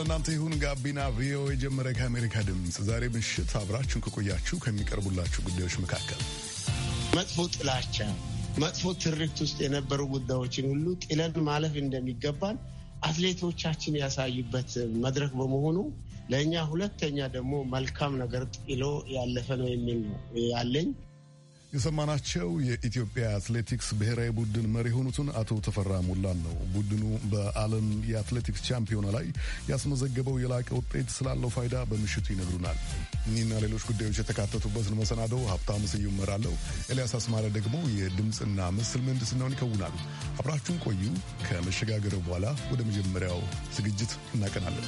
ለእናንተ ይሁን። ጋቢና ቪኦኤ ጀመረ። ከአሜሪካ ድምፅ ዛሬ ምሽት አብራችሁን ከቆያችሁ ከሚቀርቡላችሁ ጉዳዮች መካከል መጥፎ ጥላቻ፣ መጥፎ ትርክት ውስጥ የነበሩ ጉዳዮችን ሁሉ ጥለን ማለፍ እንደሚገባን አትሌቶቻችን ያሳዩበት መድረክ በመሆኑ ለእኛ ሁለተኛ ደግሞ መልካም ነገር ጥሎ ያለፈ ነው የሚል ነው ያለኝ። የሰማናቸው የኢትዮጵያ አትሌቲክስ ብሔራዊ ቡድን መሪ የሆኑትን አቶ ተፈራ ሞላን ነው። ቡድኑ በዓለም የአትሌቲክስ ቻምፒዮና ላይ ያስመዘገበው የላቀ ውጤት ስላለው ፋይዳ በምሽቱ ይነግሩናል። እኒና ሌሎች ጉዳዮች የተካተቱበትን መሰናደው ሀብታሙ ስዩም እመራለሁ። ኤልያስ አስማረ ደግሞ የድምፅና ምስል ምህንድስናውን ይከውናል። አብራችሁን ቆዩ። ከመሸጋገሪያው በኋላ ወደ መጀመሪያው ዝግጅት እናቀናለን።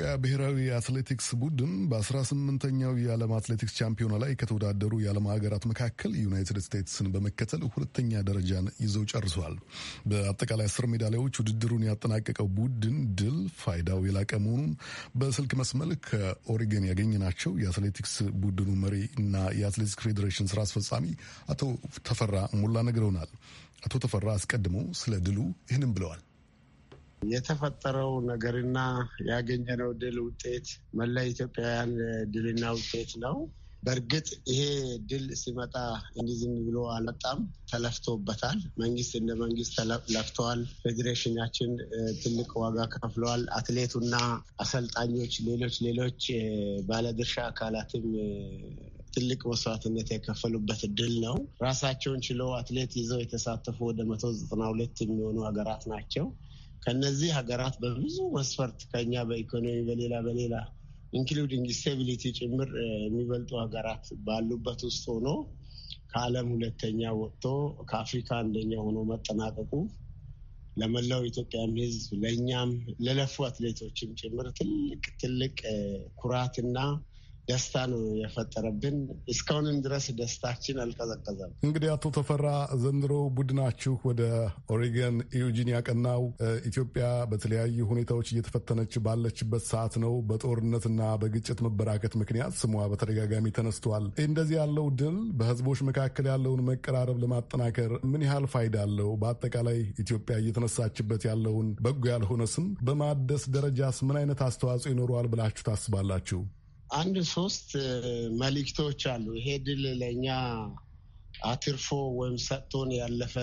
የኢትዮጵያ ብሔራዊ የአትሌቲክስ ቡድን በ18ኛው የዓለም አትሌቲክስ ቻምፒዮና ላይ ከተወዳደሩ የዓለም ሀገራት መካከል ዩናይትድ ስቴትስን በመከተል ሁለተኛ ደረጃን ይዘው ጨርሷል። በአጠቃላይ አስር ሜዳሊያዎች ውድድሩን ያጠናቀቀው ቡድን ድል ፋይዳው የላቀ መሆኑን በስልክ መስመል ከኦሪገን ያገኘናቸው የአትሌቲክስ ቡድኑ መሪ እና የአትሌቲክስ ፌዴሬሽን ስራ አስፈጻሚ አቶ ተፈራ ሞላ ነግረውናል። አቶ ተፈራ አስቀድሞ ስለ ድሉ ይህንም ብለዋል። የተፈጠረው ነገርና ያገኘነው ድል ውጤት መላ ኢትዮጵያውያን ድልና ውጤት ነው። በእርግጥ ይሄ ድል ሲመጣ እንዲህ ዝም ብሎ አልመጣም፣ ተለፍቶበታል። መንግስት እንደ መንግስት ለፍተዋል። ፌዴሬሽናችን ትልቅ ዋጋ ከፍለዋል። አትሌቱና አሰልጣኞች፣ ሌሎች ሌሎች ባለድርሻ አካላትም ትልቅ መስዋዕትነት የከፈሉበት ድል ነው። ራሳቸውን ችለው አትሌት ይዘው የተሳተፉ ወደ መቶ ዘጠና ሁለት የሚሆኑ ሀገራት ናቸው። ከነዚህ ሀገራት በብዙ መስፈርት ከኛ በኢኮኖሚ በሌላ በሌላ ኢንክሉዲንግ ስቴቢሊቲ ጭምር የሚበልጡ ሀገራት ባሉበት ውስጥ ሆኖ ከዓለም ሁለተኛ ወጥቶ ከአፍሪካ አንደኛ ሆኖ መጠናቀቁ ለመላው ኢትዮጵያም ሕዝብ ለእኛም ለለፉ አትሌቶችም ጭምር ትልቅ ትልቅ ኩራትና ደስታ ነው የፈጠረብን። እስካሁንም ድረስ ደስታችን አልቀዘቀዘም። እንግዲህ አቶ ተፈራ ዘንድሮ ቡድናችሁ ወደ ኦሬገን ኢዩጂን ያቀናው ኢትዮጵያ በተለያዩ ሁኔታዎች እየተፈተነች ባለችበት ሰዓት ነው። በጦርነትና በግጭት መበራከት ምክንያት ስሟ በተደጋጋሚ ተነስቷል። እንደዚህ ያለው ድል በህዝቦች መካከል ያለውን መቀራረብ ለማጠናከር ምን ያህል ፋይዳ አለው? በአጠቃላይ ኢትዮጵያ እየተነሳችበት ያለውን በጎ ያልሆነ ስም በማደስ ደረጃስ ምን አይነት አስተዋጽኦ ይኖረዋል ብላችሁ ታስባላችሁ? አንድ ሶስት መልእክቶች አሉ። ይሄ ድል ለእኛ አትርፎ ወይም ሰጥቶን ያለፈ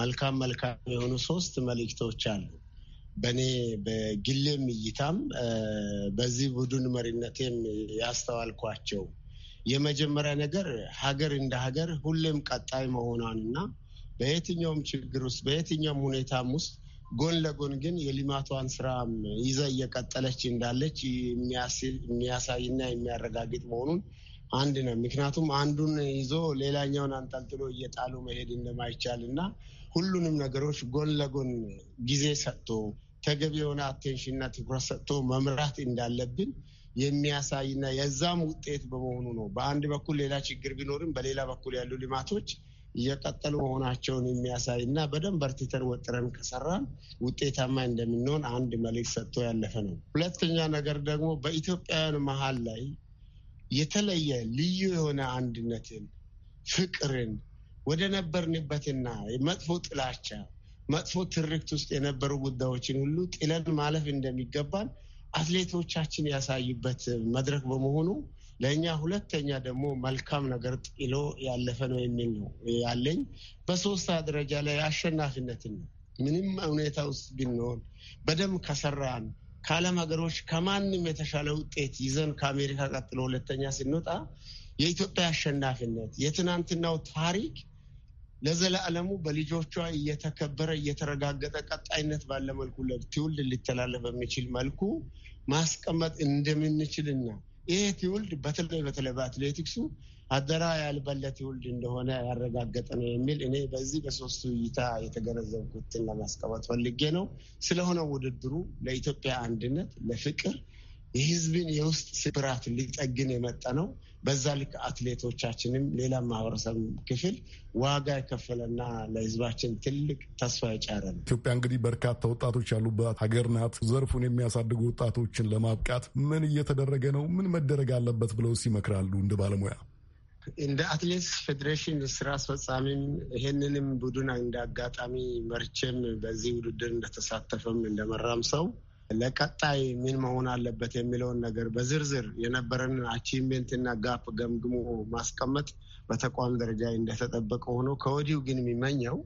መልካም መልካም የሆኑ ሶስት መልእክቶች አሉ። በእኔ በግሌም እይታም በዚህ ቡድን መሪነቴም ያስተዋልኳቸው የመጀመሪያ ነገር ሀገር እንደ ሀገር ሁሌም ቀጣይ መሆኗን እና በየትኛውም ችግር ውስጥ በየትኛውም ሁኔታም ውስጥ ጎን ለጎን ግን የልማቷን ስራም ይዛ እየቀጠለች እንዳለች የሚያሳይና የሚያረጋግጥ መሆኑን አንድ ነው። ምክንያቱም አንዱን ይዞ ሌላኛውን አንጠልጥሎ እየጣሉ መሄድ እንደማይቻል እና ሁሉንም ነገሮች ጎን ለጎን ጊዜ ሰጥቶ ተገቢ የሆነ አቴንሽንና ትኩረት ሰጥቶ መምራት እንዳለብን የሚያሳይና የዛም ውጤት በመሆኑ ነው። በአንድ በኩል ሌላ ችግር ቢኖርም በሌላ በኩል ያሉ ልማቶች እየቀጠሉ መሆናቸውን የሚያሳይ እና በደንብ በርትተን ወጥረን ከሰራን ውጤታማ እንደምንሆን አንድ መልዕክት ሰጥቶ ያለፈ ነው። ሁለተኛ ነገር ደግሞ በኢትዮጵያውያን መሀል ላይ የተለየ ልዩ የሆነ አንድነትን፣ ፍቅርን ወደ ነበርንበትና መጥፎ ጥላቻ መጥፎ ትርክት ውስጥ የነበሩ ጉዳዮችን ሁሉ ጥለን ማለፍ እንደሚገባን አትሌቶቻችን ያሳዩበት መድረክ በመሆኑ ለእኛ ሁለተኛ ደግሞ መልካም ነገር ጥሎ ያለፈ ነው የሚል ነው ያለኝ። በሶስት ደረጃ ላይ አሸናፊነትን ነው። ምንም ሁኔታ ውስጥ ብንሆን በደንብ ከሰራን ከዓለም ሀገሮች ከማንም የተሻለ ውጤት ይዘን ከአሜሪካ ቀጥሎ ሁለተኛ ስንወጣ የኢትዮጵያ አሸናፊነት የትናንትናው ታሪክ ለዘላለሙ በልጆቿ እየተከበረ እየተረጋገጠ ቀጣይነት ባለ መልኩ ለትውልድ ሊተላለፍ በሚችል መልኩ ማስቀመጥ እንደምንችልና ይሄ ትውልድ በተለይ በተለይ በአትሌቲክሱ አደራ ያልበለ ትውልድ እንደሆነ ያረጋገጠ ነው የሚል እኔ በዚህ በሶስቱ እይታ የተገነዘብኩትን ለማስቀመጥ ፈልጌ ነው። ስለሆነ ውድድሩ ለኢትዮጵያ አንድነት፣ ለፍቅር የህዝብን የውስጥ ስብራት ሊጠግን የመጣ ነው። በዛ ልክ አትሌቶቻችንም ሌላ ማህበረሰብ ክፍል ዋጋ የከፈለና ለህዝባችን ትልቅ ተስፋ የጫረ ነው። ኢትዮጵያ እንግዲህ በርካታ ወጣቶች ያሉባት ሀገር ናት። ዘርፉን የሚያሳድጉ ወጣቶችን ለማብቃት ምን እየተደረገ ነው? ምን መደረግ አለበት ብለው ይመክራሉ? እንደ ባለሙያ እንደ አትሌት ፌዴሬሽን ስራ አስፈጻሚም ይሄንንም ቡድን እንደ አጋጣሚ መርቼም በዚህ ውድድር እንደተሳተፈም እንደመራም ሰው ለቀጣይ ምን መሆን አለበት የሚለውን ነገር በዝርዝር የነበረንን አቺቭሜንትና ጋፕ ገምግሞ ማስቀመጥ በተቋም ደረጃ እንደተጠበቀ ሆኖ ከወዲሁ ግን የሚመኘው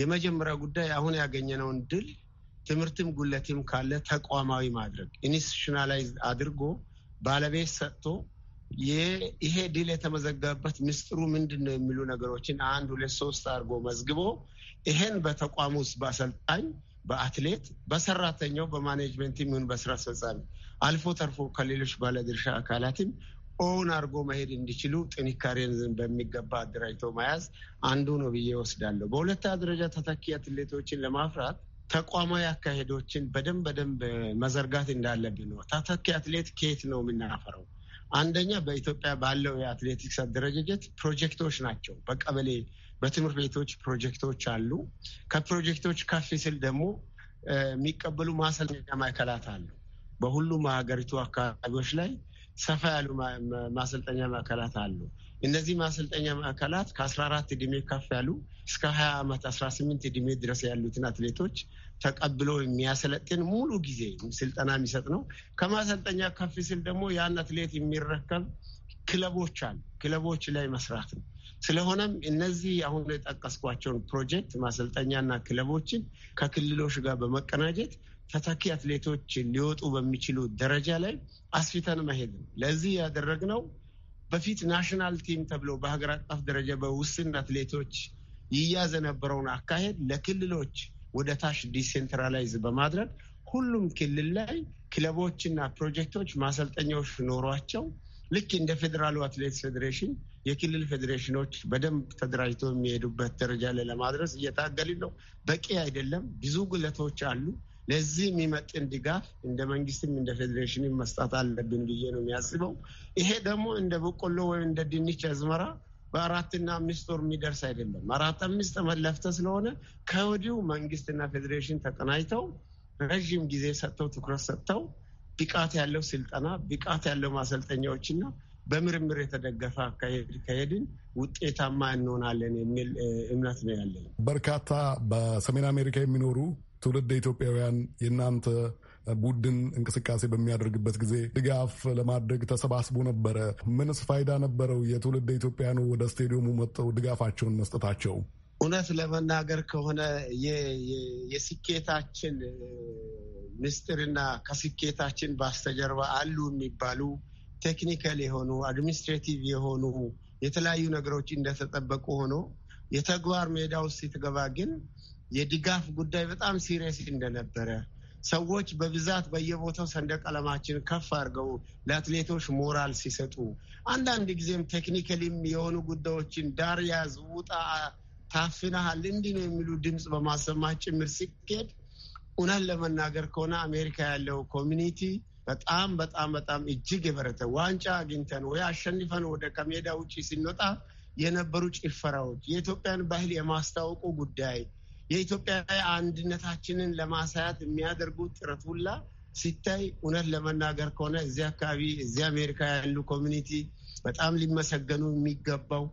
የመጀመሪያ ጉዳይ አሁን ያገኘነውን ድል ትምህርትም ጉለትም ካለ ተቋማዊ ማድረግ ኢንስቲቱሽናላይዝ አድርጎ ባለቤት ሰጥቶ ይሄ ድል የተመዘገበበት ምስጢሩ ምንድን ነው የሚሉ ነገሮችን አንድ ሁለት ሶስት አድርጎ መዝግቦ ይሄን በተቋም ውስጥ በአሰልጣኝ በአትሌት በሰራተኛው፣ በማኔጅመንት ይሁን በስራ አስፈጻሚ አልፎ ተርፎ ከሌሎች ባለድርሻ አካላትም ኦውን አድርጎ መሄድ እንዲችሉ ጥንካሬን በሚገባ አደራጅቶ መያዝ አንዱ ነው ብዬ ወስዳለሁ። በሁለተኛ ደረጃ ተተኪ አትሌቶችን ለማፍራት ተቋማዊ አካሄዶችን በደንብ በደንብ መዘርጋት እንዳለብን ነው። ተተኪ አትሌት ከየት ነው የምናፈረው? አንደኛ በኢትዮጵያ ባለው የአትሌቲክስ አደረጃጀት ፕሮጀክቶች ናቸው። በቀበሌ በትምህርት ቤቶች ፕሮጀክቶች አሉ። ከፕሮጀክቶች ከፍ ሲል ደግሞ የሚቀበሉ ማሰልጠኛ ማዕከላት አሉ። በሁሉም ሀገሪቱ አካባቢዎች ላይ ሰፋ ያሉ ማሰልጠኛ ማዕከላት አሉ። እነዚህ ማሰልጠኛ ማዕከላት ከአስራ አራት እድሜ ከፍ ያሉ እስከ ሀያ ዓመት አስራ ስምንት ድረስ ያሉትን አትሌቶች ተቀብሎ የሚያሰለጥን ሙሉ ጊዜ ስልጠና የሚሰጥ ነው። ከማሰልጠኛ ከፍ ሲል ደግሞ ያን አትሌት የሚረከብ ክለቦች አሉ። ክለቦች ላይ መስራት ነው። ስለሆነም እነዚህ አሁን የጠቀስኳቸውን ፕሮጀክት ማሰልጠኛና ክለቦችን ከክልሎች ጋር በመቀናጀት ተተኪ አትሌቶች ሊወጡ በሚችሉ ደረጃ ላይ አስፊተን መሄድ ነው። ለዚህ ያደረግነው በፊት ናሽናል ቲም ተብሎ በሀገር አቀፍ ደረጃ በውስን አትሌቶች ይያዝ የነበረውን አካሄድ ለክልሎች ወደ ታች ዲሴንትራላይዝ በማድረግ ሁሉም ክልል ላይ ክለቦችና ፕሮጀክቶች ማሰልጠኛዎች ኖሯቸው ልክ እንደ ፌዴራሉ አትሌት ፌዴሬሽን የክልል ፌዴሬሽኖች በደንብ ተደራጅቶ የሚሄዱበት ደረጃ ላይ ለማድረስ እየታገልን ነው። በቂ አይደለም፣ ብዙ ጉለቶች አሉ። ለዚህ የሚመጥን ድጋፍ እንደ መንግስትም እንደ ፌዴሬሽንም መስጣት አለብን ብዬ ነው የሚያስበው። ይሄ ደግሞ እንደ በቆሎ ወይም እንደ ድንች አዝመራ በአራትና አምስት ወር የሚደርስ አይደለም። አራት አምስት ዓመት ስለሆነ ከወዲሁ መንግስትና ፌዴሬሽን ተቀናጅተው ረዥም ጊዜ ሰጥተው ትኩረት ሰጥተው ብቃት ያለው ስልጠና፣ ብቃት ያለው ማሰልጠኛዎችና በምርምር የተደገፈ አካሄድ ከሄድን ውጤታማ እንሆናለን የሚል እምነት ነው ያለን። በርካታ በሰሜን አሜሪካ የሚኖሩ ትውልድ ኢትዮጵያውያን የእናንተ ቡድን እንቅስቃሴ በሚያደርግበት ጊዜ ድጋፍ ለማድረግ ተሰባስቦ ነበረ። ምንስ ፋይዳ ነበረው? የትውልድ ኢትዮጵያኑ ወደ ስቴዲየሙ መጥተው ድጋፋቸውን መስጠታቸው እውነት ለመናገር ከሆነ የስኬታችን ምስጢርና ከስኬታችን በስተጀርባ አሉ የሚባሉ ቴክኒካል የሆኑ አድሚኒስትሬቲቭ የሆኑ የተለያዩ ነገሮች እንደተጠበቁ ሆኖ የተግባር ሜዳ ውስጥ ስትገባ ግን የድጋፍ ጉዳይ በጣም ሲሪየስ እንደነበረ ሰዎች በብዛት በየቦታው ሰንደቅ ዓላማችን ከፍ አድርገው ለአትሌቶች ሞራል ሲሰጡ አንዳንድ ጊዜም ቴክኒካሊም የሆኑ ጉዳዮችን ዳር ያዝ ውጣ ታፍነሃል፣ እንዲህ ነው የሚሉ ድምፅ በማሰማት ጭምር ሲኬድ እውነት ለመናገር ከሆነ አሜሪካ ያለው ኮሚኒቲ በጣም በጣም በጣም እጅግ የበረተ ዋንጫ አግኝተን ወይ አሸንፈን ወደ ከሜዳ ውጭ ሲንወጣ የነበሩ ጭፈራዎች፣ የኢትዮጵያን ባህል የማስታወቁ ጉዳይ፣ የኢትዮጵያ አንድነታችንን ለማሳያት የሚያደርጉ ጥረት ሁላ ሲታይ እውነት ለመናገር ከሆነ እዚህ አካባቢ እዚህ አሜሪካ ያሉ ኮሚኒቲ በጣም ሊመሰገኑ የሚገባው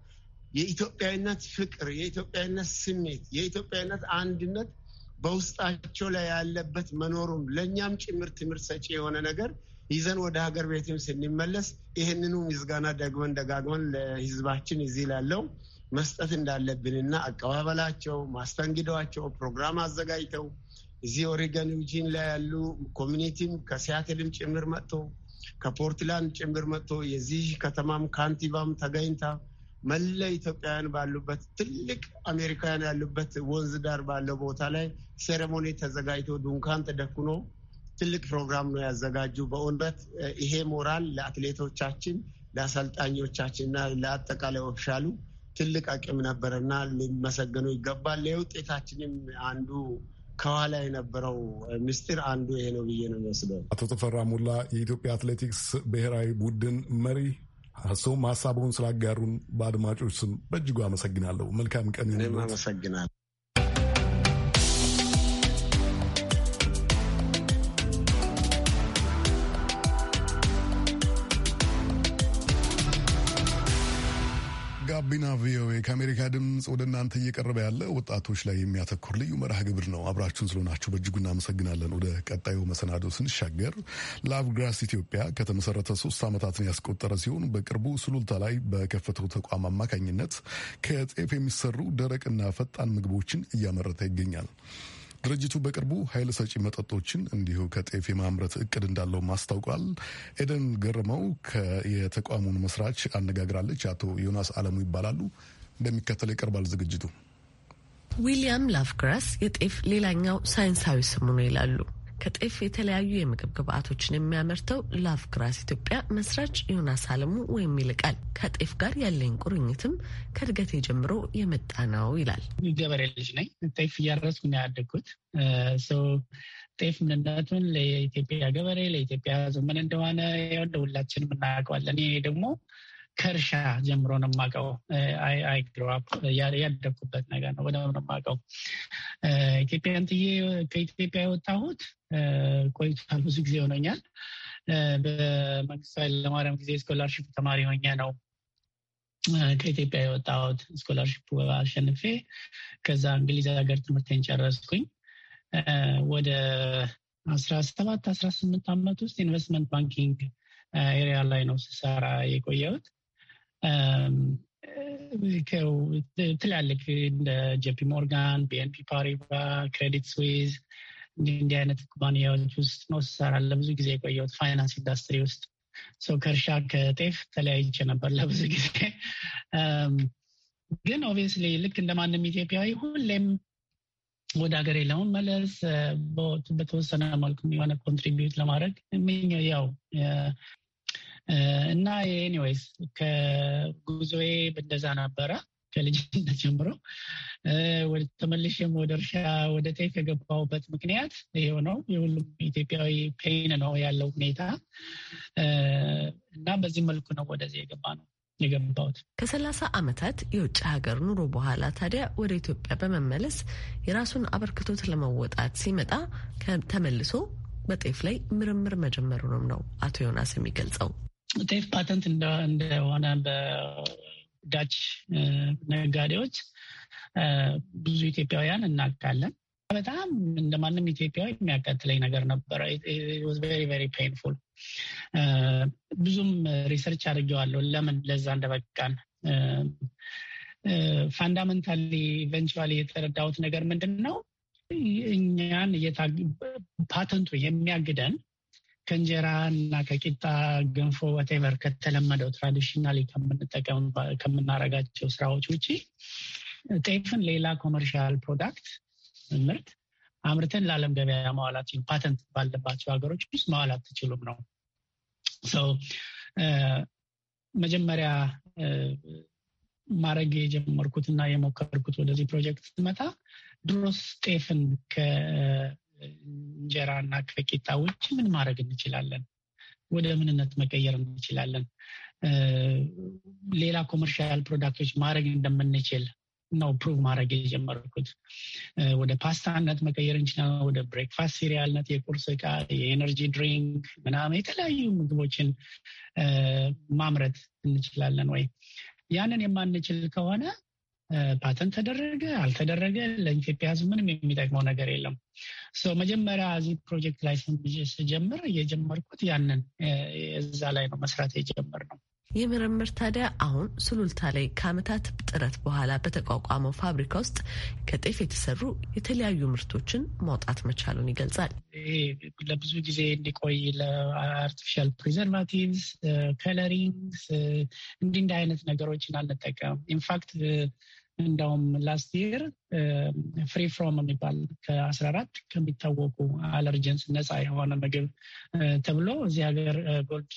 የኢትዮጵያዊነት ፍቅር፣ የኢትዮጵያዊነት ስሜት፣ የኢትዮጵያዊነት አንድነት በውስጣቸው ላይ ያለበት መኖሩም ለእኛም ጭምር ትምህርት ሰጪ የሆነ ነገር ይዘን ወደ ሀገር ቤትም ስንመለስ ይህንኑ ምስጋና ደግመን ደጋግመን ለሕዝባችን እዚህ ላለው መስጠት እንዳለብንና አቀባበላቸው፣ ማስተንግዷቸው፣ ፕሮግራም አዘጋጅተው እዚህ ኦሪገን ዩጂን ላይ ያሉ ኮሚኒቲም ከሲያትልም ጭምር መጥቶ ከፖርትላንድ ጭምር መጥቶ የዚህ ከተማም ካንቲቫም ተገኝታ መለ ኢትዮጵያውያን ባሉበት ትልቅ አሜሪካውያን ያሉበት ወንዝ ዳር ባለው ቦታ ላይ ሴሬሞኒ ተዘጋጅቶ ዱንካን ተደኩኖ ትልቅ ፕሮግራም ነው ያዘጋጁ። በእውነት ይሄ ሞራል ለአትሌቶቻችን፣ ለአሰልጣኞቻችን እና ለአጠቃላይ ኦፊሻሉ ትልቅ አቅም ነበረና ሊመሰገኑ ይገባል። ውጤታችንም አንዱ ከኋላ የነበረው ምስጢር አንዱ ይሄ ነው ብዬ ነው የሚወስደው። አቶ ተፈራ ሞላ የኢትዮጵያ አትሌቲክስ ብሔራዊ ቡድን መሪ ሀሳቡን ስላጋሩን በአድማጮች ስም በእጅጉ አመሰግናለሁ። መልካም ቀን። አመሰግናለሁ። ጋቢና ቪኦኤ ከአሜሪካ ድምፅ ወደ እናንተ እየቀረበ ያለ ወጣቶች ላይ የሚያተኩር ልዩ መርሃ ግብር ነው። አብራችሁን ስለሆናችሁ በእጅጉ እናመሰግናለን። ወደ ቀጣዩ መሰናዶ ስንሻገር ግራስ ኢትዮጵያ ከተመሰረተ ሶስት ዓመታትን ያስቆጠረ ሲሆን በቅርቡ ሱሉልታ ላይ በከፈተው ተቋም አማካኝነት ከጤፍ የሚሰሩ ደረቅና ፈጣን ምግቦችን እያመረተ ይገኛል። ድርጅቱ በቅርቡ ኃይል ሰጪ መጠጦችን እንዲሁ ከጤፍ የማምረት እቅድ እንዳለውም አስታውቋል። ኤደን ገርመው የተቋሙን መስራች አነጋግራለች። አቶ ዮናስ አለሙ ይባላሉ። እንደሚከተል ይቀርባል ዝግጅቱ። ዊሊያም ላፍግራስ የጤፍ ሌላኛው ሳይንሳዊ ስሙ ነው ይላሉ። ከጤፍ የተለያዩ የምግብ ግብአቶችን የሚያመርተው ላቭ ግራስ ኢትዮጵያ መስራች ዮናስ አለሙ ወይም ይልቃል ከጤፍ ጋር ያለኝ ቁርኝትም ከእድገቴ ጀምሮ የመጣ ነው ይላል። ገበሬ ልጅ ነኝ። ጤፍ እያረስኩ ነው ያደግኩት። ጤፍ ምንነቱን ለኢትዮጵያ ገበሬ ለኢትዮጵያ ሕዝብ እንደሆነ እንደሆነ ሁላችንም እናውቀዋለን። ይሄ ደግሞ ከእርሻ ጀምሮ ነው የማውቀው። አይ ግሮ አፕ ያደግኩበት ነገር ነው ወደ ነው የማውቀው። ኢትዮጵያን ጥዬ ከኢትዮጵያ የወጣሁት ቆይቷል፣ ብዙ ጊዜ ሆኖኛል። በመንግስቱ ኃይለማርያም ጊዜ ስኮላርሽፕ ተማሪ ሆኜ ነው ከኢትዮጵያ የወጣሁት። ስኮላርሽፕ አሸንፌ ከዛ እንግሊዝ ሀገር ትምህርቴን ጨረስኩኝ። ወደ አስራ ሰባት አስራ ስምንት ዓመት ውስጥ ኢንቨስትመንት ባንኪንግ ኤሪያ ላይ ነው ስሰራ የቆየሁት። ትላልቅ እንደ ጄፒ ሞርጋን፣ ቢኤንፒ ፓሪባ፣ ክሬዲት ስዊዝ እንዲህ አይነት ኩባንያዎች ውስጥ ነው ስሰራ ለብዙ ጊዜ የቆየሁት ፋይናንስ ኢንዱስትሪ ውስጥ ሰው ከእርሻ ከጤፍ ተለያይቼ ነበር ለብዙ ጊዜ። ግን ኦብቪየስሊ ልክ እንደ ማንም ኢትዮጵያዊ ሁሌም ወደ ሀገሬ ለመመለስ በተወሰነ መልኩም የሆነ ኮንትሪቢዩት ለማድረግ ያው እና ኤኒዌይስ ከጉዞዬ እንደዛ ነበረ ከልጅነት ጀምሮ ተመልሼም ወደ እርሻ ወደ ጤፍ የገባሁበት ምክንያት ይሄው ነው። የሁሉም ኢትዮጵያዊ ፔን ነው ያለው ሁኔታ እና በዚህ መልኩ ነው ወደዚህ የገባ ነው የገባሁት። ከሰላሳ ዓመታት የውጭ ሀገር ኑሮ በኋላ ታዲያ ወደ ኢትዮጵያ በመመለስ የራሱን አበርክቶት ለመወጣት ሲመጣ ተመልሶ በጤፍ ላይ ምርምር መጀመሩንም ነው አቶ ዮናስ የሚገልጸው። ቴፍ ፓተንት እንደሆነ በዳች ነጋዴዎች ብዙ ኢትዮጵያውያን እናውቃለን። በጣም እንደ ማንም ኢትዮጵያዊ የሚያቀትለኝ ነገር ነበረ። ኢትዋዝ ቬሪ ፔንፉል። ብዙም ሪሰርች አድርጌዋለሁ ለምን ለዛ እንደበቃን። ፋንዳመንታሊ ኢቨንቹዋሊ የተረዳሁት ነገር ምንድን ነው እኛን ፓተንቱ የሚያግደን ከእንጀራ እና ከቂጣ ገንፎ ወቴቨር ከተለመደው ትራዲሽናሊ ከምናረጋቸው ስራዎች ውጭ ጤፍን ሌላ ኮመርሻል ፕሮዳክት ምርት አምርተን ለዓለም ገበያ ማዋላት ፓተንት ባለባቸው ሀገሮች ውስጥ ማዋላት ትችሉም ነው። መጀመሪያ ማድረግ የጀመርኩት እና የሞከርኩት ወደዚህ ፕሮጀክት ስመጣ ድሮስ ጤፍን እና ከቂጣ ውጭ ምን ማድረግ እንችላለን? ወደ ምንነት መቀየር እንችላለን? ሌላ ኮመርሻል ፕሮዳክቶች ማድረግ እንደምንችል ነው ፕሩቭ ማድረግ የጀመርኩት። ወደ ፓስታነት መቀየር እንችላለን። ወደ ብሬክፋስት ሲሪያልነት፣ የቁርስ እቃ፣ የኤነርጂ ድሪንክ ምናምን የተለያዩ ምግቦችን ማምረት እንችላለን ወይ? ያንን የማንችል ከሆነ ፓተንት ተደረገ አልተደረገ ለኢትዮጵያ ሕዝብ ምንም የሚጠቅመው ነገር የለም። መጀመሪያ እዚህ ፕሮጀክት ላይ ስጀምር የጀመርኩት ያንን እዛ ላይ ነው መስራት ነው ይህ ምርምር ታዲያ አሁን ሱሉልታ ላይ ከዓመታት ጥረት በኋላ በተቋቋመው ፋብሪካ ውስጥ ከጤፍ የተሰሩ የተለያዩ ምርቶችን ማውጣት መቻሉን ይገልጻል። ይሄ ለብዙ ጊዜ እንዲቆይ ለአርቲፊሻል ፕሪዘርቫቲቭስ፣ ከለሪንግስ እንዲህ እንዲህ አይነት ነገሮችን አልንጠቀም። ኢንፋክት እንዳውም ላስት ይር ፍሪ ፍሮም የሚባል ከአስራ አራት ከሚታወቁ አለርጀንስ ነፃ የሆነ ምግብ ተብሎ እዚህ ሀገር ጎልድ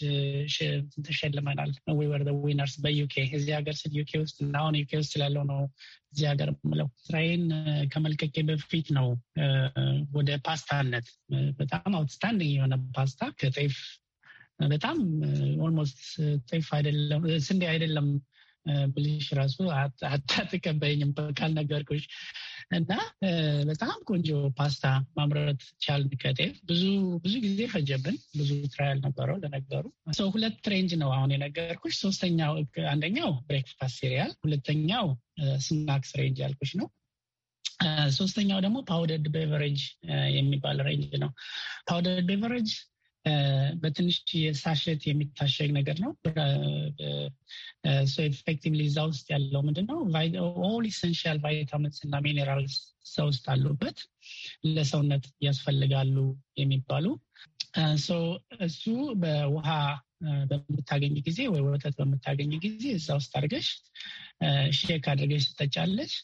ተሸልመናል። ዊወር ዊነርስ በዩኬ እዚህ ሀገር ስል ዩኬ ውስጥ እና አሁን ዩኬ ውስጥ ስላለው ነው እዚህ ሀገር ምለው። ስራዬን ከመልቀቄ በፊት ነው ወደ ፓስታነት በጣም አውትስታንዲንግ የሆነ ፓስታ ከጤፍ በጣም ኦልሞስት ጤፍ አይደለም ስንዴ አይደለም ብልሽ ራሱ አታተቀበይኝም ነገርኩሽ እና በጣም ቆንጆ ፓስታ ማምረት ቻልን። ከጤፍ ብዙ ብዙ ጊዜ ፈጀብን። ብዙ ትራያል ነበረው። ለነገሩ ሰው ሁለት ሬንጅ ነው አሁን የነገርኩሽ። ሶስተኛው አንደኛው ብሬክፋስት ሲሪያል፣ ሁለተኛው ስናክስ ሬንጅ ያልኩሽ ነው። ሶስተኛው ደግሞ ፓውደርድ ቤቨሬጅ የሚባል ሬንጅ ነው። ፓውደርድ ቤቨሬጅ በትንሽ የሳሸት የሚታሸግ ነገር ነው። ኤፌክቲቭ እዛ ውስጥ ያለው ምንድን ነው? ኦል ኢሰንሻል ቫይታሚንስ እና ሚኔራልስ ሰው ውስጥ አሉበት ለሰውነት ያስፈልጋሉ የሚባሉ እሱ በውሃ በምታገኝ ጊዜ ወይ ወተት በምታገኝ ጊዜ እዛ ውስጥ አድርገሽ ሼክ አድርገሽ ትጠጫለች።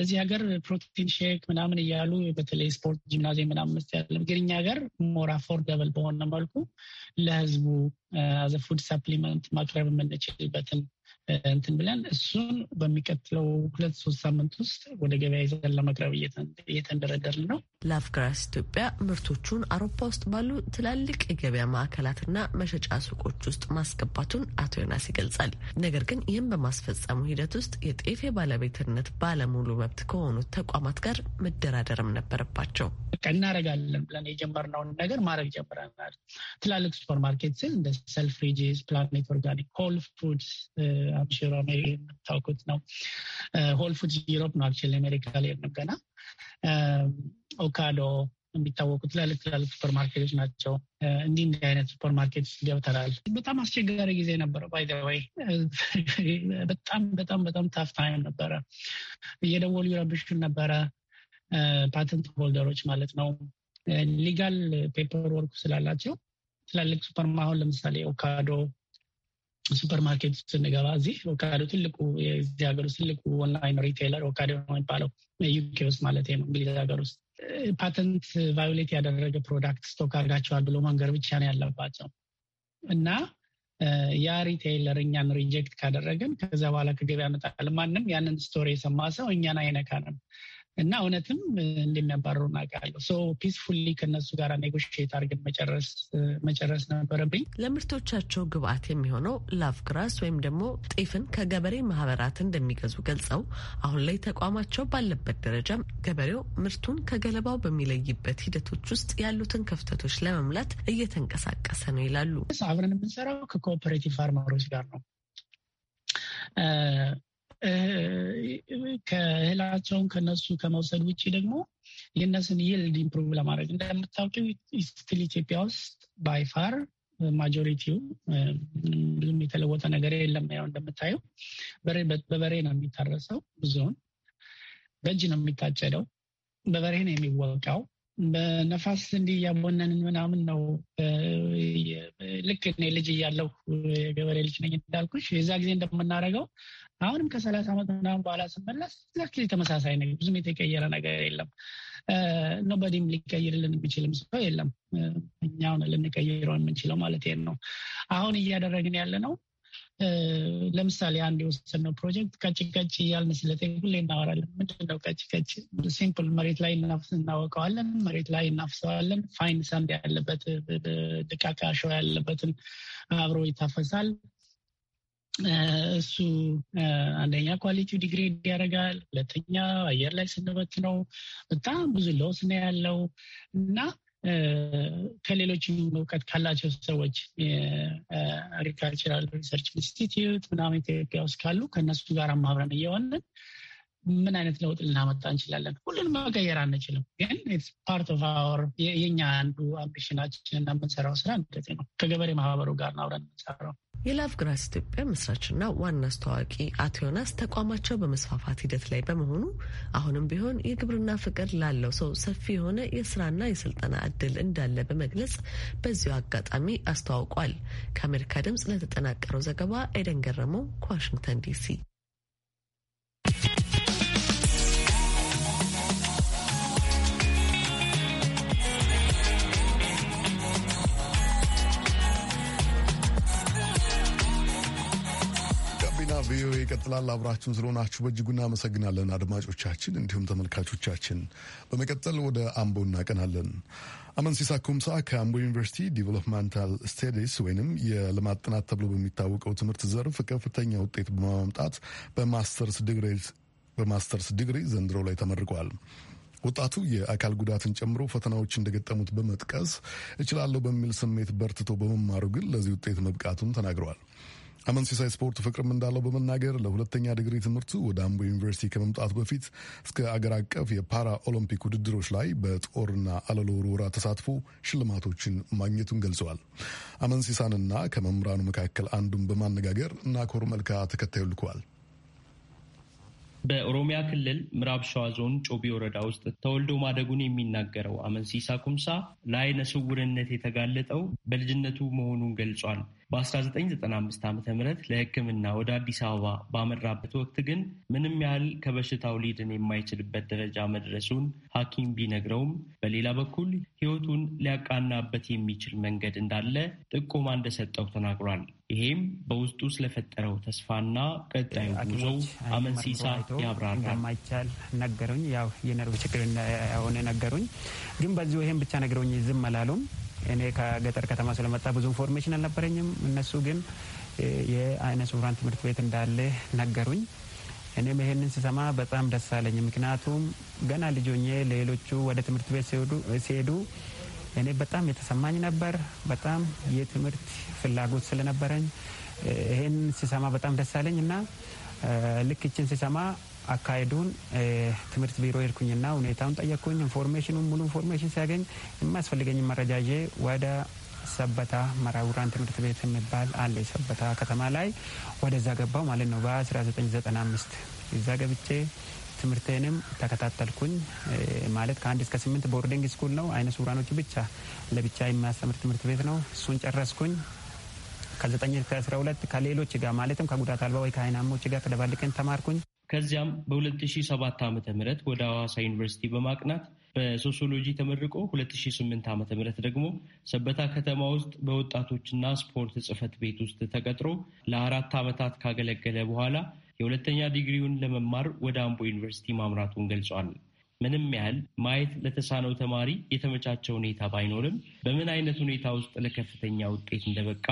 እዚህ ሀገር ፕሮቲን ሼክ ምናምን እያሉ በተለይ ስፖርት ጂምናዚየም ምናምን መስ ያለም ግን እኛ ሀገር ሞር አፎርደብል በሆነ መልኩ ለህዝቡ አዘ ፉድ ሰፕሊመንት ማቅረብ የምንችልበትን እንትን ብለን እሱን በሚቀጥለው ሁለት ሶስት ሳምንት ውስጥ ወደ ገበያ ይዘን ለመቅረብ እየተንደረደርን ነው። ላፍግራስ ኢትዮጵያ ምርቶቹን አውሮፓ ውስጥ ባሉ ትላልቅ የገበያ ማዕከላትና መሸጫ ሱቆች ውስጥ ማስገባቱን አቶ ዮናስ ይገልጻል። ነገር ግን ይህም በማስፈጸሙ ሂደት ውስጥ የጤፍ ባለቤትነት ባለሙሉ መብት ከሆኑት ተቋማት ጋር መደራደርም ነበረባቸው። እናደርጋለን ብለን የጀመርነውን ነገር ማድረግ ጀምረናል። ትላልቅ ሱፐርማርኬት ስል እንደ ሰልፍሪጅስ፣ ፕላኔት ኦርጋኒክ፣ ሆል ፉድስ ነው። የምታውቁት ነው። ሆል ፉድስ ዩሮፕ ነው። አክቹዋሊ አሜሪካ ላይ የምገና ኦካዶ የሚታወቁት ትላልቅ ትላልቅ ሱፐር ማርኬቶች ናቸው። እንዲህ እንዲህ አይነት ሱፐር ማርኬት ገብተናል። በጣም አስቸጋሪ ጊዜ ነበረ። ባይ ዘ ወይ በጣም በጣም በጣም ታፍ ታይም ነበረ። እየደወሉ ይረብሹን ነበረ። ፓተንት ሆልደሮች ማለት ነው። ሊጋል ፔፐር ወርክ ስላላቸው ትላልቅ ሱፐርማ አሁን ለምሳሌ ኦካዶ ሱፐር ማርኬት ስንገባ እዚህ ኦካዶ ትልቁ የዚህ ሀገር ውስጥ ትልቁ ኦንላይን ሪቴይለር ኦካዶ ነው የሚባለው ዩኬ ውስጥ ማለት ነው፣ እንግሊዝ ሀገር ውስጥ ፓተንት ቫዮሌት ያደረገ ፕሮዳክት ስቶክ አድርጋቸዋል ብሎ መንገር ብቻ ነው ያለባቸው እና ያ ሪቴይለር እኛን ሪጀክት ካደረገን ከዛ በኋላ ከገበያ መጣል ማንም ያንን ስቶሪ የሰማ ሰው እኛን አይነካንም። እና እውነትም እንደሚያባረሩ እናውቃለሁ። ሶ ፒስፉሊ ከነሱ ጋር ኔጎሽት አድርገን መጨረስ ነበረብኝ። ለምርቶቻቸው ግብአት የሚሆነው ላቭግራስ ወይም ደግሞ ጤፍን ከገበሬ ማህበራት እንደሚገዙ ገልጸው አሁን ላይ ተቋማቸው ባለበት ደረጃ ገበሬው ምርቱን ከገለባው በሚለይበት ሂደቶች ውስጥ ያሉትን ክፍተቶች ለመምላት እየተንቀሳቀሰ ነው ይላሉ። አብረን የምንሰራው ከኮኦፐሬቲቭ ፋርማሮች ጋር ነው ከእህላቸውን ከነሱ ከመውሰድ ውጭ ደግሞ የእነሱን ይልድ ኢምፕሩቭ ለማድረግ እንደምታውቂው ስትል ኢትዮጵያ ውስጥ ባይፋር ማጆሪቲው ብዙም የተለወጠ ነገር የለም። ያው እንደምታየው በበሬ ነው የሚታረሰው፣ ብዙውን በእጅ ነው የሚታጨደው፣ በበሬ ነው የሚወቃው። በነፋስ እንዲህ እያቦነንን ምናምን ነው። ልክ እኔ ልጅ እያለሁ የገበሬ ልጅ ነኝ እንዳልኩሽ የዛ ጊዜ እንደምናደርገው አሁንም ከሰላሳ ዓመት ምናምን በኋላ ስመለስ ዛክሊ ተመሳሳይ ነገር ብዙም የተቀየረ ነገር የለም። ኖበዲም ሊቀይርልን የሚችልም ሰው የለም። እኛውን ልንቀይረው የምንችለው ማለት ነው። አሁን እያደረግን ያለ ነው። ለምሳሌ አንድ የወሰድነው ፕሮጀክት ቀጭ ቀጭ እያልን ስለ ሁሌ እናወራለን። ምንድነው ቀጭ ቀጭ? ሲምፕል መሬት ላይ እናወቀዋለን፣ መሬት ላይ እናፍሰዋለን። ፋይን ሳንድ ያለበት ድቃቃ ያለበትን አብሮ ይታፈሳል። እሱ አንደኛ ኳሊቲው ዲግሬድ ያደርጋል። ሁለተኛ አየር ላይ ስንበት ነው በጣም ብዙ ለውስ ነው ያለው እና ከሌሎች እውቀት ካላቸው ሰዎች የአግሪካልቸራል ሪሰርች ኢንስቲትዩት ምናምን ኢትዮጵያ ውስጥ ካሉ ከእነሱ ጋር ማብረን እየሆንን ምን አይነት ለውጥ ልናመጣ እንችላለን? ሁሉንም መቀየር አንችልም፣ ግን ፓርት ኦፍ አወር የእኛ አንዱ አምቢሽናችን እና የምንሰራው ስራ እንደዚህ ነው። ከገበሬ ማህበሩ ጋር አብረን የምንሰራው የላቭ ግራስ ኢትዮጵያ መስራችና ዋና አስተዋዋቂ አቶ ዮናስ ተቋማቸው በመስፋፋት ሂደት ላይ በመሆኑ አሁንም ቢሆን የግብርና ፍቅር ላለው ሰው ሰፊ የሆነ የስራና የስልጠና እድል እንዳለ በመግለጽ በዚሁ አጋጣሚ አስተዋውቋል። ከአሜሪካ ድምጽ ለተጠናቀረው ዘገባ ኤደን ገረመው ከዋሽንግተን ዲሲ ቪኦኤ ይቀጥላል። አብራችሁን ስለሆናችሁ በእጅጉ እናመሰግናለን አድማጮቻችን፣ እንዲሁም ተመልካቾቻችን። በመቀጠል ወደ አምቦ እናቀናለን። አመንሲሳ ኩምሳ ከአምቦ ዩኒቨርሲቲ ዲቨሎፕመንታል ስታዲስ ወይም የልማት ጥናት ተብሎ በሚታወቀው ትምህርት ዘርፍ ከፍተኛ ውጤት በማምጣት በማስተርስ ዲግሪ ዘንድሮ ላይ ተመርቋል። ወጣቱ የአካል ጉዳትን ጨምሮ ፈተናዎች እንደገጠሙት በመጥቀስ እችላለሁ በሚል ስሜት በርትቶ በመማሩ ግን ለዚህ ውጤት መብቃቱን ተናግረዋል። አመን ሲሳይ ስፖርት ፍቅርም እንዳለው በመናገር ለሁለተኛ ዲግሪ ትምህርቱ ወደ አምቦ ዩኒቨርሲቲ ከመምጣቱ በፊት እስከ አገር አቀፍ የፓራ ኦሎምፒክ ውድድሮች ላይ በጦርና አለሎ ውርወራ ተሳትፎ ሽልማቶችን ማግኘቱን ገልጸዋል። አመን ሲሳንና ከመምህራኑ መካከል አንዱን በማነጋገር ናኮር መልካ ተከታዩ ልከዋል። በኦሮሚያ ክልል ምዕራብ ሸዋ ዞን ጮቢ ወረዳ ውስጥ ተወልዶ ማደጉን የሚናገረው አመንሲሳ ኩምሳ ለአይነ ስውርነት የተጋለጠው በልጅነቱ መሆኑን ገልጿል። በ1995 ዓ ም ለሕክምና ወደ አዲስ አበባ ባመራበት ወቅት ግን ምንም ያህል ከበሽታው ሊድን የማይችልበት ደረጃ መድረሱን ሐኪም ቢነግረውም በሌላ በኩል ሕይወቱን ሊያቃናበት የሚችል መንገድ እንዳለ ጥቆማ እንደሰጠው ተናግሯል። ይሄም በውስጡ ስለፈጠረው ተስፋና ቀጣዩ ጉዞው አመንሲሳ ያብራራል። እንደማይቻል ነገሩኝ። ያው የነርቭ ችግር የሆነ ነገሩኝ። ግን በዚሁ ይሄን ብቻ ነግረውኝ ዝም አላሉም። እኔ ከገጠር ከተማ ስለመጣ ብዙ ኢንፎርሜሽን አልነበረኝም። እነሱ ግን የአይነ ስውራን ትምህርት ቤት እንዳለ ነገሩኝ። እኔም ይሄንን ስሰማ በጣም ደስ አለኝ። ምክንያቱም ገና ልጆኜ ሌሎቹ ወደ ትምህርት ቤት ሲሄዱ እኔ በጣም የተሰማኝ ነበር። በጣም የትምህርት ፍላጎት ስለነበረኝ ይሄን ስሰማ በጣም ደስ አለኝ እና ልክችን ስሰማ አካሄዱን ትምህርት ቢሮ ሄድኩኝና ሁኔታውን ጠየቅኩኝ። ኢንፎርሜሽኑ ሙሉ ኢንፎርሜሽን ሲያገኝ የማያስፈልገኝ መረጃ ይዤ ወደ ሰበታ መራውራን ትምህርት ቤት የሚባል አለ ሰበታ ከተማ ላይ ወደዛ ገባው ማለት ነው በ1995 እዛ ገብቼ ትምህርቴንም ተከታተልኩኝ ማለት ከአንድ እስከ ስምንት ቦርዲንግ ስኩል ነው። አይነ ሱራኖች ብቻ ለብቻ የሚያስተምር ትምህርት ቤት ነው። እሱን ጨረስኩኝ። ከዘጠኝ እስከ አስራ ሁለት ከሌሎች ጋር ማለትም ከጉዳት አልባ ወይ ከአይናሞች ጋር ተደባልቀን ተማርኩኝ። ከዚያም በ2007 ዓ ም ወደ ሐዋሳ ዩኒቨርሲቲ በማቅናት በሶሲዮሎጂ ተመርቆ 2008 ዓ ም ደግሞ ሰበታ ከተማ ውስጥ በወጣቶችና ስፖርት ጽህፈት ቤት ውስጥ ተቀጥሮ ለአራት ዓመታት ካገለገለ በኋላ የሁለተኛ ዲግሪውን ለመማር ወደ አምቦ ዩኒቨርሲቲ ማምራቱን ገልጿል። ምንም ያህል ማየት ለተሳነው ተማሪ የተመቻቸ ሁኔታ ባይኖርም በምን አይነት ሁኔታ ውስጥ ለከፍተኛ ውጤት እንደበቃ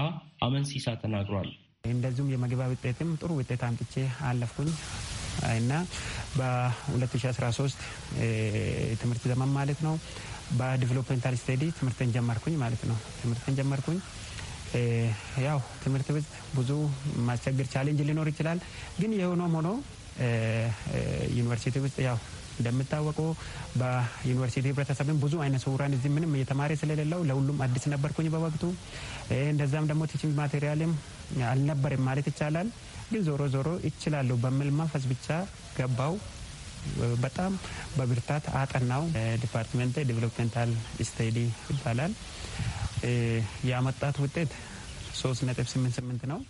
አመንሲሳ ተናግሯል። እንደዚሁም የመግቢያ ውጤትም ጥሩ ውጤት አምጥቼ አለፍኩኝ። እና በ2013 ትምህርት ዘመን ማለት ነው በዲቨሎፕመንታል ስተዲ ትምህርትን ጀመርኩኝ ማለት ነው። ትምህርትን ጀመርኩኝ። ያው ትምህርት ውስጥ ብዙ ማስቸግር ቻሌንጅ ሊኖር ይችላል። ግን የሆኖም ሆኖ ዩኒቨርሲቲ ውስጥ ያው እንደምታወቀው በዩኒቨርሲቲ ህብረተሰብን ብዙ አይነት ስውራን እዚህ ምንም እየተማሪ ስለሌለው ለሁሉም አዲስ ነበርኩኝ በወቅቱ። እንደዛም ደግሞ ቲችንግ ማቴሪያልም አልነበርም ማለት ይቻላል። ግን ዞሮ ዞሮ ይችላለሁ በሚል መንፈስ ብቻ ገባው። በጣም በብርታት አጠናው። ዲፓርትመንት ዲቨሎፕመንታል ስተዲ ይባላል። የአመጣት ውጤት ሶስት ነጥብ ስምንት ስምንት ነው።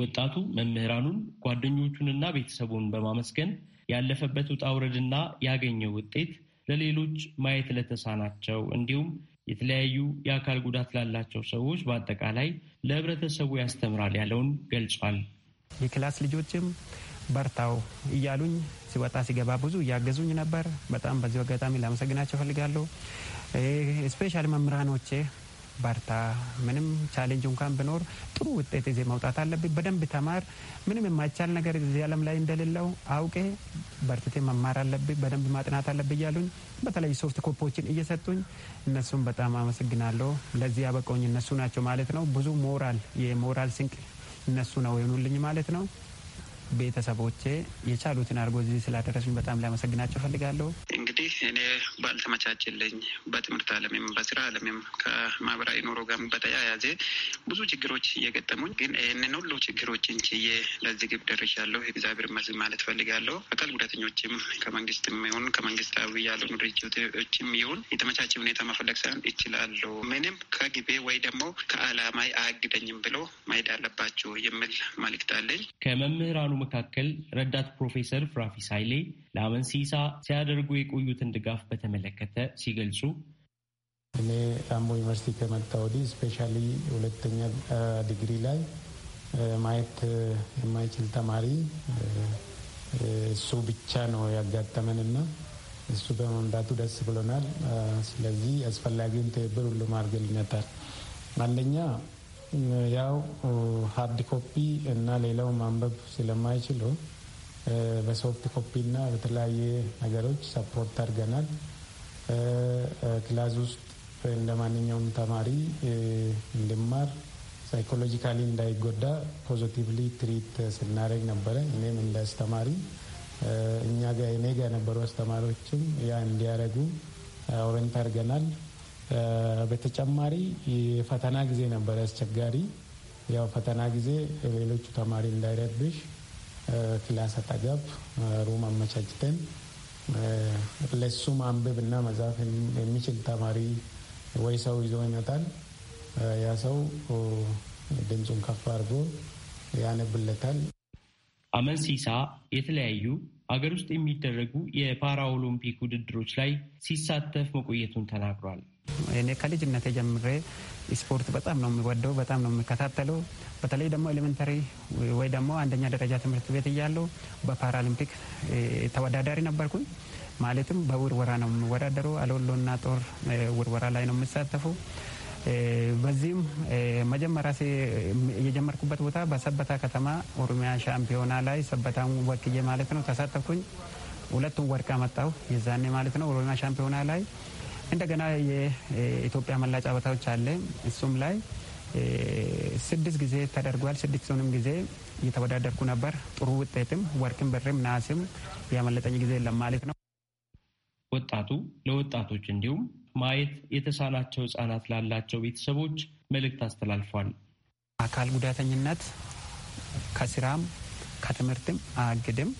ወጣቱ መምህራኑን ጓደኞቹንና ቤተሰቡን በማመስገን ያለፈበት ውጣ ውረድና ያገኘው ውጤት ለሌሎች ማየት ለተሳናቸው እንዲሁም የተለያዩ የአካል ጉዳት ላላቸው ሰዎች በአጠቃላይ ለህብረተሰቡ ያስተምራል ያለውን ገልጿል። የክላስ ልጆችም በርታው እያሉኝ ሲወጣ ሲገባ ብዙ እያገዙኝ ነበር። በጣም በዚህ አጋጣሚ ላመሰግናቸው ፈልጋለሁ። ስፔሻል መምህራኖቼ በርታ፣ ምንም ቻሌንጅ እንኳን ብኖር ጥሩ ውጤት ዜ መውጣት አለብኝ፣ በደንብ ተማር፣ ምንም የማይቻል ነገር እዚህ ዓለም ላይ እንደሌለው አውቄ በርትቴ መማር አለብ በደንብ ማጥናት አለብ እያሉኝ በተለይ ሶፍት ኮፖችን እየሰጡኝ እነሱን በጣም አመሰግናለሁ። ለዚህ ያበቀውኝ እነሱ ናቸው ማለት ነው። ብዙ ሞራል የሞራል ስንቅ እነሱ ነው የሆኑልኝ ማለት ነው። ቤተሰቦቼ የቻሉትን አድርጎ እዚህ ስላደረሱኝ በጣም ላመሰግናቸው እፈልጋለሁ። እኔ ባልተመቻችልኝ በትምህርት አለምም በስራ አለምም ከማህበራዊ ኑሮ ጋር በተያያዘ ብዙ ችግሮች እየገጠሙኝ፣ ግን ይህንን ሁሉ ችግሮችን ችዬ ለዚህ ግብ ደርሻለሁ። እግዚአብሔር ይመስገን ማለት ፈልጋለሁ። አካል ጉዳተኞችም ከመንግስትም ይሁን ከመንግስታዊ ያልሆኑ ድርጅቶችም ይሁን የተመቻቸ ሁኔታ መፈለግ ሳይሆን ይችላሉ። ምንም ከግቤ ወይ ደግሞ ከአላማይ አያግደኝም ብሎ ማሄድ አለባቸው የሚል መልእክት አለኝ። ከመምህራኑ መካከል ረዳት ፕሮፌሰር ፍራፊስ ኃይሌ ለአመንሲሳ ሲያደርጉ የቆዩትን የሚያደርጉትን ድጋፍ በተመለከተ ሲገልጹ እኔ አምቦ ዩኒቨርሲቲ ከመጣ ወዲህ ስፔሻሊ ሁለተኛ ዲግሪ ላይ ማየት የማይችል ተማሪ እሱ ብቻ ነው ያጋጠመን እና እሱ በመምጣቱ ደስ ብሎናል። ስለዚህ አስፈላጊውን ትብብር ሁሉም አድርገልነታል። አንደኛ ያው ሀርድ ኮፒ እና ሌላው ማንበብ ስለማይችለው በሶፍት ኮፒ እና በተለያየ ነገሮች ሰፖርት አድርገናል። ክላስ ውስጥ እንደ ማንኛውም ተማሪ እንድማር ሳይኮሎጂካሊ እንዳይጎዳ ፖዚቲቭሊ ትሪት ስናደርግ ነበረ። እኔም እንደ አስተማሪ እኛ ጋር እኔ ጋ የነበሩ አስተማሪዎችም ያ እንዲያደርጉ ኦሬንት አድርገናል። በተጨማሪ የፈተና ጊዜ ነበረ አስቸጋሪ። ያው ፈተና ጊዜ ሌሎቹ ተማሪ እንዳይረብሽ ክላስ አጠገብ ሩም አመቻችተን ለሱ ማንበብ እና መጻፍ የሚችል ተማሪ ወይ ሰው ይዞ ይመጣል። ያ ሰው ድምፁን ከፍ አድርጎ ያነብለታል። አመንሲሳ የተለያዩ አገር ውስጥ የሚደረጉ የፓራ ኦሎምፒክ ውድድሮች ላይ ሲሳተፍ መቆየቱን ተናግሯል። እኔ ከልጅነት ጀምሬ ስፖርት በጣም ነው የሚወደው፣ በጣም ነው የሚከታተለው። በተለይ ደግሞ ኤሌመንተሪ ወይ ደግሞ አንደኛ ደረጃ ትምህርት ቤት እያለው በፓራሊምፒክ ተወዳዳሪ ነበርኩኝ። ማለትም በውርወራ ነው የሚወዳደሩ፣ አለወሎና ጦር ውርወራ ላይ ነው የሚሳተፉ። በዚህም መጀመሪያ የጀመርኩበት ቦታ በሰበታ ከተማ ኦሮሚያ ሻምፒዮና ላይ ሰበታን ወክዬ ማለት ነው ተሳተፍኩኝ። ሁለቱም ወርቅ አመጣሁ የዛኔ ማለት ነው ኦሮሚያ ሻምፒዮና ላይ እንደገና የኢትዮጵያ መላ ጨዋታዎች አለ። እሱም ላይ ስድስት ጊዜ ተደርጓል። ስድስቱንም ጊዜ እየተወዳደርኩ ነበር። ጥሩ ውጤትም ወርቅም፣ ብርም ናስም ያመለጠኝ ጊዜ የለም ማለት ነው። ወጣቱ ለወጣቶች እንዲሁም ማየት የተሳናቸው ህጻናት ላላቸው ቤተሰቦች መልእክት አስተላልፏል። አካል ጉዳተኝነት ከስራም ከትምህርትም አያግድም።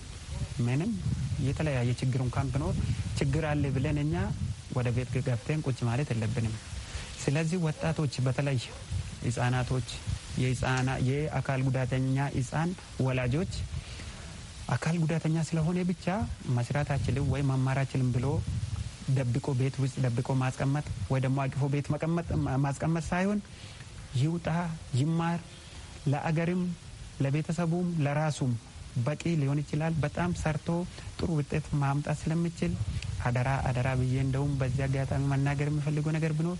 ምንም የተለያየ ችግር እንኳን ብኖር ችግር አለ ብለን እኛ ወደ ቤት ገብተን ቁጭ ማለት የለብንም። ስለዚህ ወጣቶች በተለይ ህጻናቶች፣ የአካል ጉዳተኛ ህጻን ወላጆች አካል ጉዳተኛ ስለሆነ ብቻ መስራታችልም ወይ መማራችልም ብሎ ደብቆ ቤት ውስጥ ደብቆ ማስቀመጥ ወይ ደግሞ አቅፎ ቤት ማስቀመጥ ሳይሆን ይውጣ፣ ይማር፣ ለአገርም፣ ለቤተሰቡም ለራሱም በቂ ሊሆን ይችላል። በጣም ሰርቶ ጥሩ ውጤት ማምጣት ስለምችል አደራ አደራ ብዬ እንደውም በዚህ አጋጣሚ መናገር የሚፈልገው ነገር ቢኖር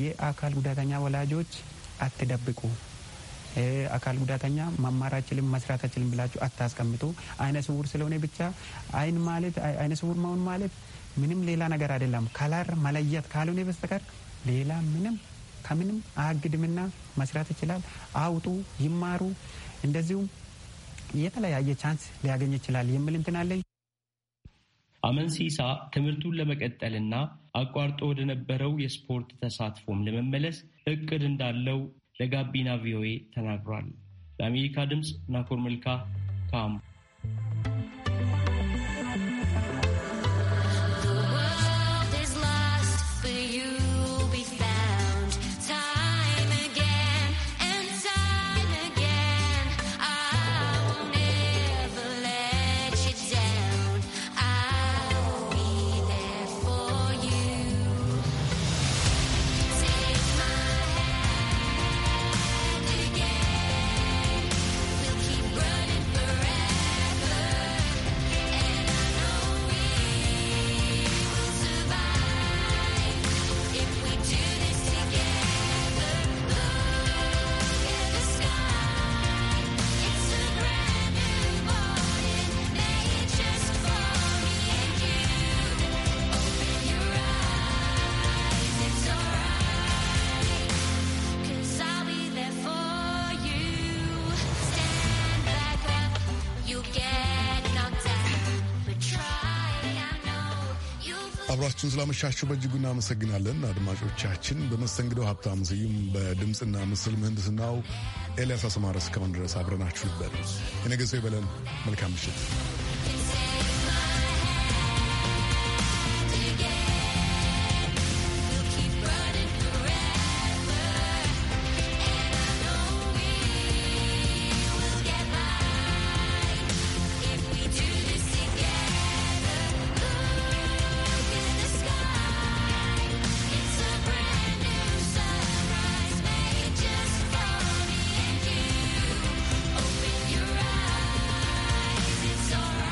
የአካል ጉዳተኛ ወላጆች አትደብቁ። አካል ጉዳተኛ መማር አይችልም መስራት አይችልም ብላችሁ አታስቀምጡ። አይነ ስውር ስለሆነ ብቻ አይን ማለት አይነ ስውር መሆን ማለት ምንም ሌላ ነገር አይደለም። ከለር መለየት ካልሆነ በስተቀር ሌላ ምንም ከምንም አግድምና መስራት ይችላል። አውጡ፣ ይማሩ። እንደዚሁም የተለያየ ቻንስ ሊያገኝ ይችላል የሚል እንትን አለኝ። አመንሲሳ ትምህርቱን ለመቀጠልና አቋርጦ ወደነበረው የስፖርት ተሳትፎም ለመመለስ እቅድ እንዳለው ለጋቢና ቪኦኤ ተናግሯል። ለአሜሪካ ድምፅ ናኮር መልካ አብራችሁን ስላመሻችሁ በእጅጉ እናመሰግናለን አድማጮቻችን። በመስተንግደው ሀብታም ስዩም፣ በድምፅና ምስል ምህንድስናው ኤልያስ አስማረ እስካሁን ድረስ አብረናችሁ ነበር። የነገ ሰው ይበለን። መልካም ምሽት።